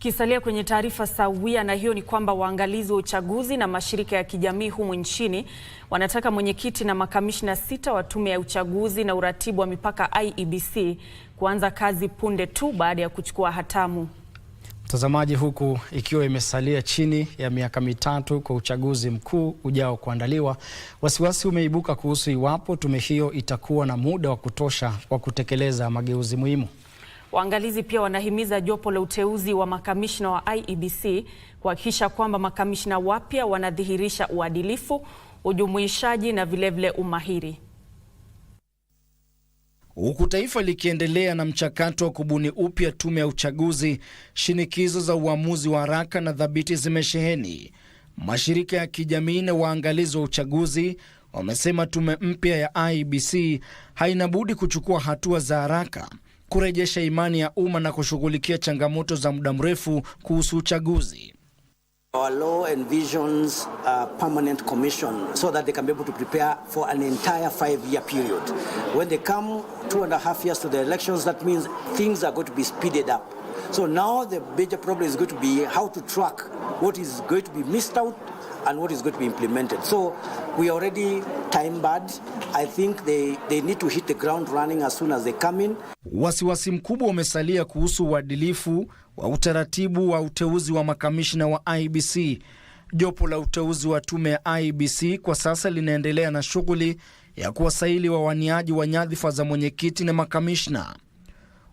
Tukisalia kwenye taarifa sawia na hiyo ni kwamba waangalizi wa uchaguzi na mashirika ya kijamii humu nchini wanataka mwenyekiti na makamishna sita wa tume ya uchaguzi na uratibu wa mipaka IEBC kuanza kazi punde tu baada ya kuchukua hatamu. Mtazamaji, huku ikiwa imesalia chini ya miaka mitatu kwa uchaguzi mkuu ujao kuandaliwa, wasiwasi umeibuka kuhusu iwapo tume hiyo itakuwa na muda wa kutosha wa kutekeleza mageuzi muhimu. Waangalizi pia wanahimiza jopo la uteuzi wa makamishna wa IEBC kuhakikisha kwamba makamishna wapya wanadhihirisha uadilifu, ujumuishaji na vilevile umahiri. Huku taifa likiendelea na mchakato wa kubuni upya tume ya uchaguzi, shinikizo za uamuzi wa haraka na thabiti zimesheheni. Mashirika ya kijamii na waangalizi wa uchaguzi wamesema tume mpya ya IEBC haina budi kuchukua hatua za haraka kurejesha imani ya umma na kushughulikia changamoto za muda mrefu kuhusu uchaguzi. Our law envisions a permanent commission so that they can be able to prepare for an entire five-year period. When they come two and a half years to the elections, that means things are going to be speeded up. So now the major problem is going to be how to track what is going to be missed out and what is going to be implemented. So we already time bad. I think they, they need to hit the ground running as soon as they come in. Wasiwasi mkubwa umesalia kuhusu uadilifu wa utaratibu wa uteuzi wa makamishna wa IBC. Jopo la uteuzi wa tume ya IBC kwa sasa linaendelea na shughuli ya kuwasaili wawaniaji wa nyadhifa za mwenyekiti na makamishna.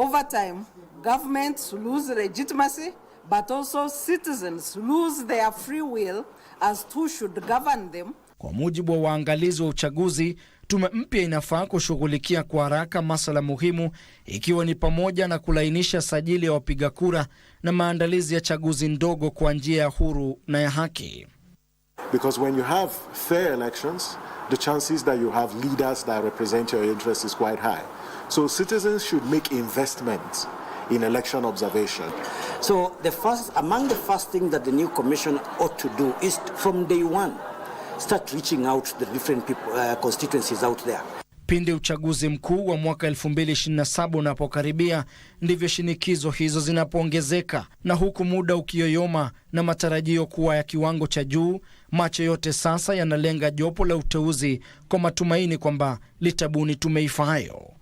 Over time, governments lose legitimacy, but also citizens lose their free will as to should govern them. Kwa mujibu wa waangalizi wa uchaguzi, tume mpya inafaa kushughulikia kwa haraka masuala muhimu ikiwa ni pamoja na kulainisha sajili ya wapiga kura na maandalizi ya chaguzi ndogo kwa njia ya huru na ya haki. Because when you have fair elections, the chances that you have leaders that represent your interests is quite high. So citizens should make investments in election observation. So the first, among the first thing that the new commission ought to do is from day one, start reaching out to the different people, uh, constituencies out there. Pindi uchaguzi mkuu wa mwaka 2027 unapokaribia, ndivyo shinikizo hizo zinapoongezeka, na huku muda ukiyoyoma na matarajio kuwa ya kiwango cha juu, macho yote sasa yanalenga jopo la uteuzi kwa matumaini kwamba litabuni tume ifaayo.